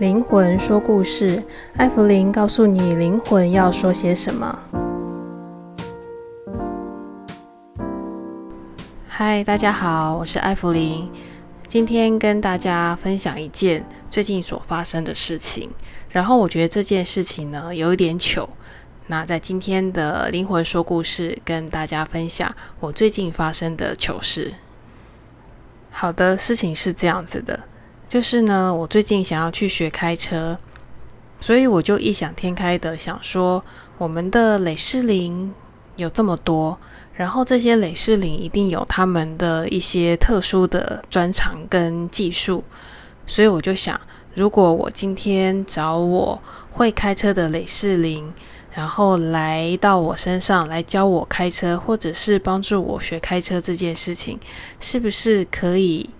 靈魂說故事，艾芙靈告訴你靈魂要說些什麼。嗨，大家好，我是艾芙靈，今天跟大家分享一件最近所發生的事情。然後我覺得這件事情呢，有一點糗。那在今天的靈魂說故事，跟大家分享我最近發生的糗事。好的，事情是這樣子的。就是呢，我最近想要去學開車，所以我就異想天開的想說，我們的累世靈有這麼多，然後這些累世靈一定有他們的一些特殊的專長跟技術，所以我就想，如果我今天找我會開車的累世靈，然後來到我身上來教我開車，或者是幫助我學開車這件事情，是不是可以？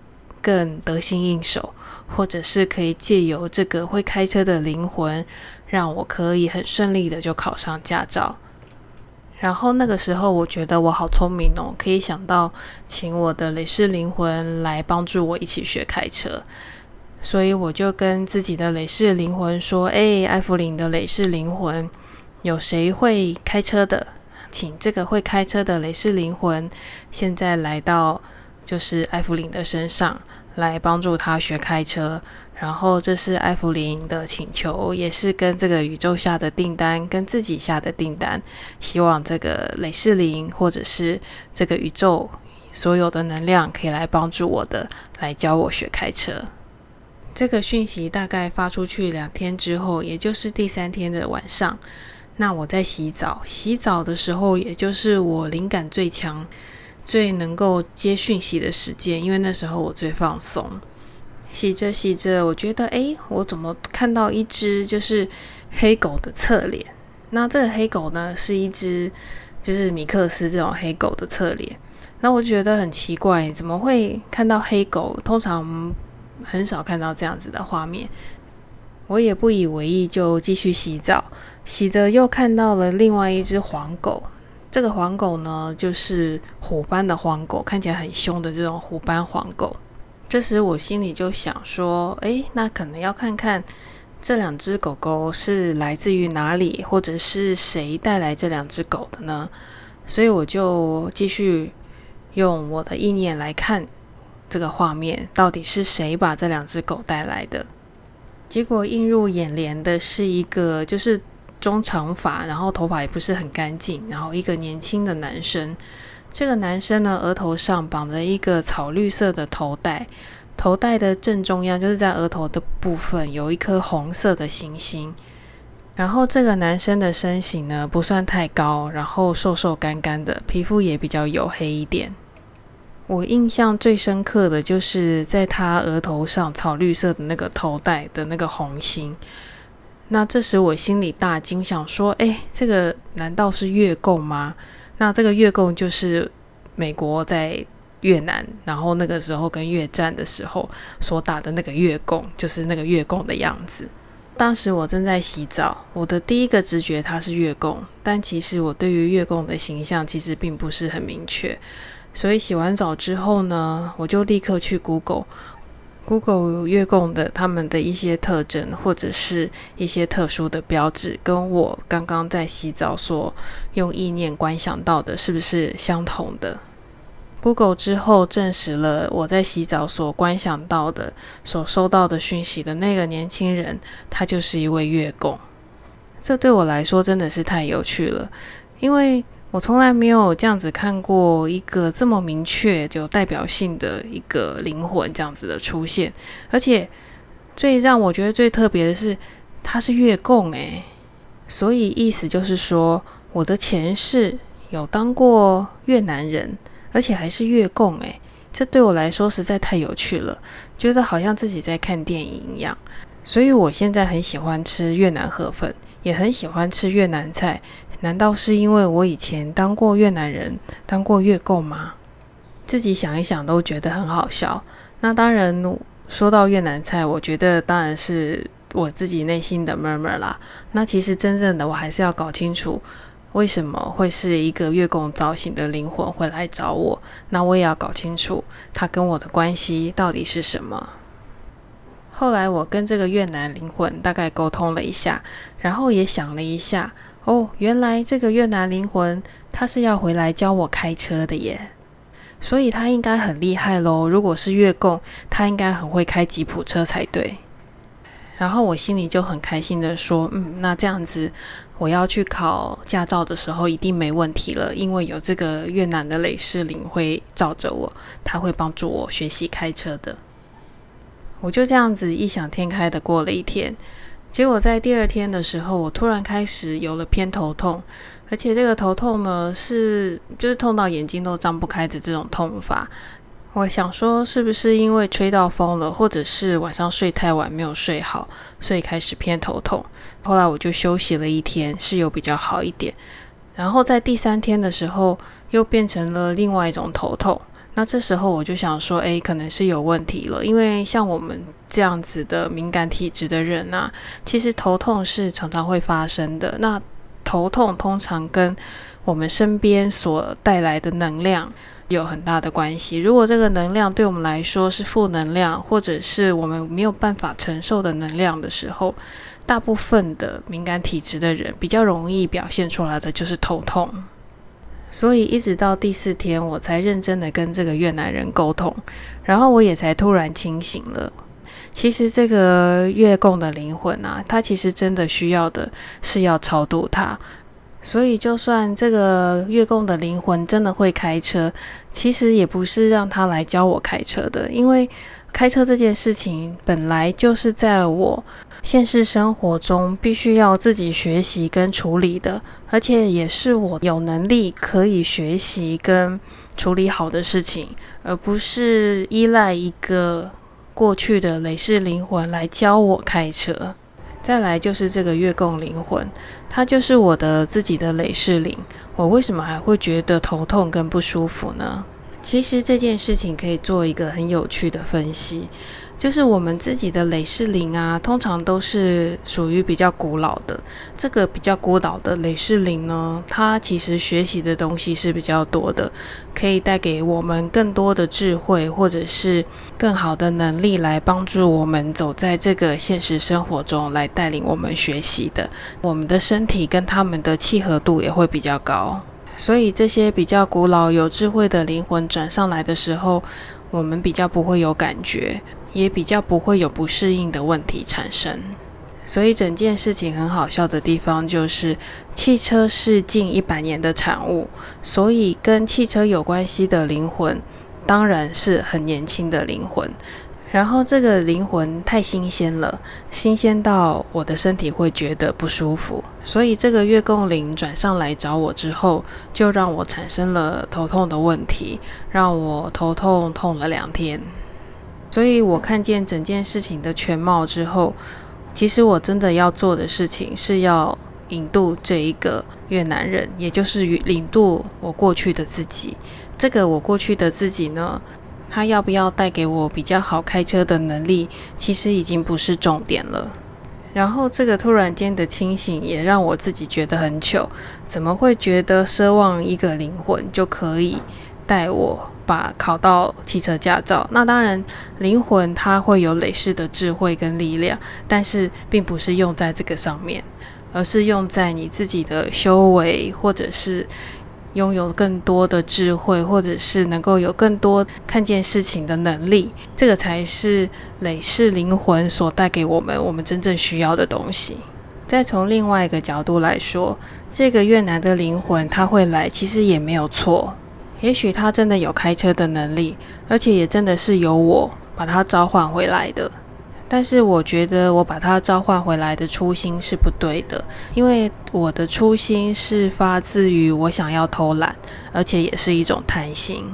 更得心應手，或者是可以借由這個會開車的靈魂，讓我可以很順利的就考上駕照。然後那個時候，我覺得我好聰明哦，可以想到請我的累世靈魂來幫助我一起學開車。所以我就跟自己的累世靈魂說：“哎，艾芙靈的累世靈魂，有誰會開車的？請這個會開車的累世靈魂現在來到。”就是艾芙靈的身上來幫助她學開車，然後這是艾芙靈的請求，也是跟這個宇宙下的訂單，跟自己下的訂單，希望這個雷士林或者是這個宇宙所有的能量可以來幫助我的，來教我學開車。這個訊息大概發出去兩天之後，也就是第三天的晚上，那我在洗澡，洗澡的時候也就是我靈感最強。最能夠接訊息的時間，因為那時候我最放鬆。洗着洗着，我覺得，哎，我怎麼看到一隻就是黑狗的側臉？那這個黑狗呢，是一隻就是米克斯這種黑狗的側臉。那我覺得很奇怪，怎麼會看到黑狗？通常很少看到這樣子的畫面。我也不以為意，就繼續洗澡。洗着又看到了另外一隻黃狗。這個黃狗呢，就是虎斑的黃狗，看起來很凶的這種虎斑黃狗。這時我心裡就想說，哎，那可能要看看這兩只狗狗是來自於哪裡，或者是誰帶來這兩只狗的呢？所以我就繼續用我的意念來看這個畫面，到底是誰把這兩只狗帶來的？結果映入眼簾的是一個就是。中長髮，然後頭髮也不是很乾淨，然後一個年輕的男生。這個男生呢，額頭上綁着一個草綠色的頭帶，頭帶的正中央就是在額頭的部分有一顆紅色的星星，然後這個男生的身形呢，不算太高，然後瘦瘦乾乾的，皮膚也比較黝黑一點。我印象最深刻的就是在他額頭上草綠色的那個頭帶的那個紅心。那這時我心裡大驚，想說：“誒，這個難道是越共嗎？”那這個越共就是美國在越南，然後那個時候跟越戰的時候所打的那個越共，就是那個越共的樣子。當時我正在洗澡，我的第一個直覺它是越共，但其實我對於越共的形象其實並不是很明確。所以洗完澡之後呢，我就立刻去 Google。Google 月供的他們的一些特徵，或者是一些特殊的標誌，跟我剛剛在洗澡所用意念觀想到的，是不是相同的？Google 之後證實了我在洗澡所觀想到的、所收到的訊息的那個年輕人，他就是一位月供。這對我來說真的是太有趣了，因為，我從來沒有這樣子看過一個這麼明確、有代表性的一個靈魂這樣子的出現，而且最讓我覺得最特別的是，它是越共誒，所以意思就是說，我的前世有當過越南人，而且還是越共誒，這對我來說實在太有趣了，覺得好像自己在看電影一樣，所以我現在很喜歡吃越南河粉，也很喜歡吃越南菜。難道是因為我以前當過越南人，當過越共嗎？自己想一想都覺得很好笑。那當然，說到越南菜，我覺得當然是我自己內心的 murmur 啦。那其實真正的我還是要搞清楚，為什麼會是一個越共造型的靈魂會來找我？那我也要搞清楚，他跟我的關係到底是什麼。後來我跟這個越南靈魂大概溝通了一下，然後也想了一下，哦，原來這個越南靈魂他是要回來教我開車的耶，所以他應該很厲害咯，如果是越共，他應該很會開吉普車才對。然後我心裡就很開心的說，嗯，那這樣子我要去考駕照的時候一定沒問題了，因為有這個越南的雷士靈會罩着我，他會幫助我學習開車的。我就這樣子異想天開的過了一天，結果在第二天的時候，我突然開始有了偏頭痛，而且這個頭痛呢是就是痛到眼睛都張不開的這種痛法。我想說是不是因為吹到風了，或者是晚上睡太晚沒有睡好，所以開始偏頭痛。後來我就休息了一天，是有比較好一點。然後在第三天的時候，又變成了另外一種頭痛。那這時候我就想說，誒，可能是有問題了，因為像我們這樣子的敏感體質的人呢、啊，其實頭痛是常常會發生的。那頭痛通常跟我們身邊所帶來的能量有很大的關係。如果這個能量對我們來說是負能量，或者是我們沒有辦法承受的能量的時候，大部分的敏感體質的人比較容易表現出來的就是頭痛。所以一直到第四天，我才認真的跟這個越南人溝通，然後我也才突然清醒了。其實這個越共的靈魂啊，他其實真的需要的是要超度他。所以就算這個越共的靈魂真的會開車，其實也不是讓他來教我開車的，因為，開車這件事情本來就是在我現實生活中必須要自己學習跟處理的，而且也是我有能力可以學習跟處理好的事情，而不是依賴一個過去的累世靈魂來教我開車。再來就是這個月供靈魂，它就是我的自己的累世靈，我為什麼還會覺得頭痛跟不舒服呢？其實這件事情可以做一個很有趣的分析，就是我們自己的累世靈啊，通常都是屬於比較古老的。這個比較古老的累世靈呢，它其實學習的東西是比較多的，可以帶給我們更多的智慧，或者是更好的能力來幫助我們走在這個現實生活中，來帶領我們學習的。我們的身體跟他們的契合度也會比較高。所以這些比較古老有智慧的靈魂轉上來的時候，我們比較不會有感覺，也比較不會有不適應的問題產生。所以整件事情很好笑的地方就是，汽車是近一百年的產物，所以跟汽車有關係的靈魂，當然是很年輕的靈魂。然後這個靈魂太新鮮了，新鮮到我的身體會覺得不舒服，所以這個月供靈轉上來找我之後，就讓我產生了頭痛的問題，讓我頭痛痛了兩天。所以我看見整件事情的全貌之後，其實我真的要做的事情是要引渡這一個越南人，也就是引渡我過去的自己。這個我過去的自己呢？他要不要帶給我比較好開車的能力，其實已經不是重點了。然後這個突然間的清醒也讓我自己覺得很糗，怎麼會覺得奢望一個靈魂就可以帶我把考到汽車駕照？那當然，靈魂它會有累世的智慧跟力量，但是並不是用在這個上面，而是用在你自己的修為或者是。擁有更多的智慧，或者是能夠有更多看見事情的能力，這個才是累世靈魂所帶給我們，我們真正需要的東西。再從另外一個角度來說，這個越南的靈魂，他會來，其實也沒有錯。也許他真的有開車的能力，而且也真的是由我把他召喚回來的。但是我覺得我把他召喚回來的初心是不對的，因為我的初心是發自於我想要偷懶，而且也是一種貪心。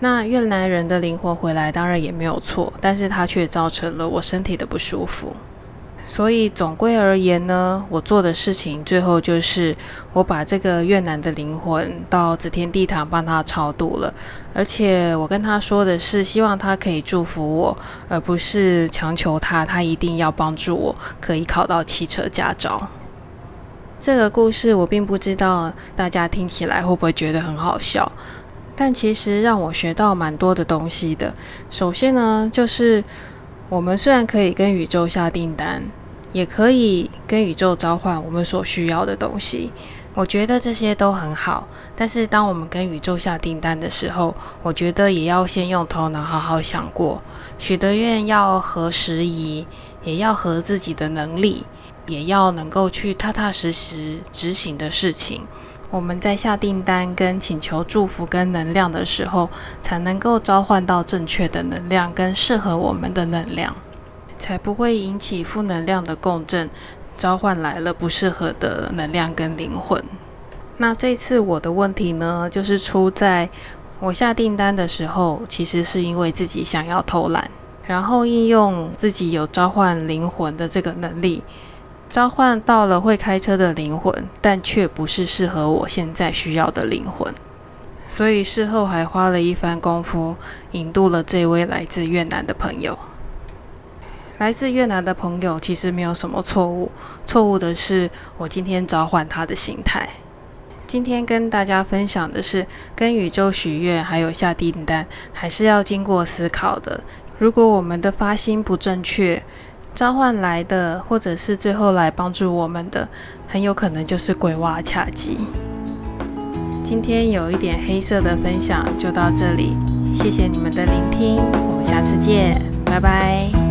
那越南人的靈魂回來當然也沒有錯，但是他卻造成了我身體的不舒服。所以總歸而言呢，我做的事情最後就是我把這個越南的靈魂到紫天地堂幫他超度了，而且我跟他說的是希望他可以祝福我，而不是強求他他一定要幫助我可以考到汽車駕照。這個故事我並不知道大家聽起來會不會覺得很好笑，但其實讓我學到蠻多的東西的。首先呢，就是。我們雖然可以跟宇宙下訂單，也可以跟宇宙召喚我們所需要的東西，我覺得這些都很好。但是，當我們跟宇宙下訂單的時候，我覺得也要先用頭腦好好想過，許的願要合時宜，也要合自己的能力，也要能夠去踏踏實實執行的事情。我們在下訂單跟請求祝福跟能量的時候，才能夠召喚到正確的能量跟適合我們的能量，才不會引起負能量的共振，召喚來了不適合的能量跟靈魂。那這次我的問題呢，就是出在我下訂單的時候，其實是因為自己想要偷懶，然後應用自己有召喚靈魂的這個能力。召喚到了會開車的靈魂，但卻不是適合我現在需要的靈魂，所以事後還花了一番功夫引渡了這位來自越南的朋友。來自越南的朋友其實沒有什麼錯誤，錯誤的是我今天召喚他的心態。今天跟大家分享的是，跟宇宙許願還有下訂單，還是要經過思考的。如果我們的發心不正確，召喚來的，或者是最後來幫助我們的，很有可能就是鬼娃恰吉。今天有一點黑色的分享就到這裡，謝謝你們的聆聽，我們下次見，拜拜。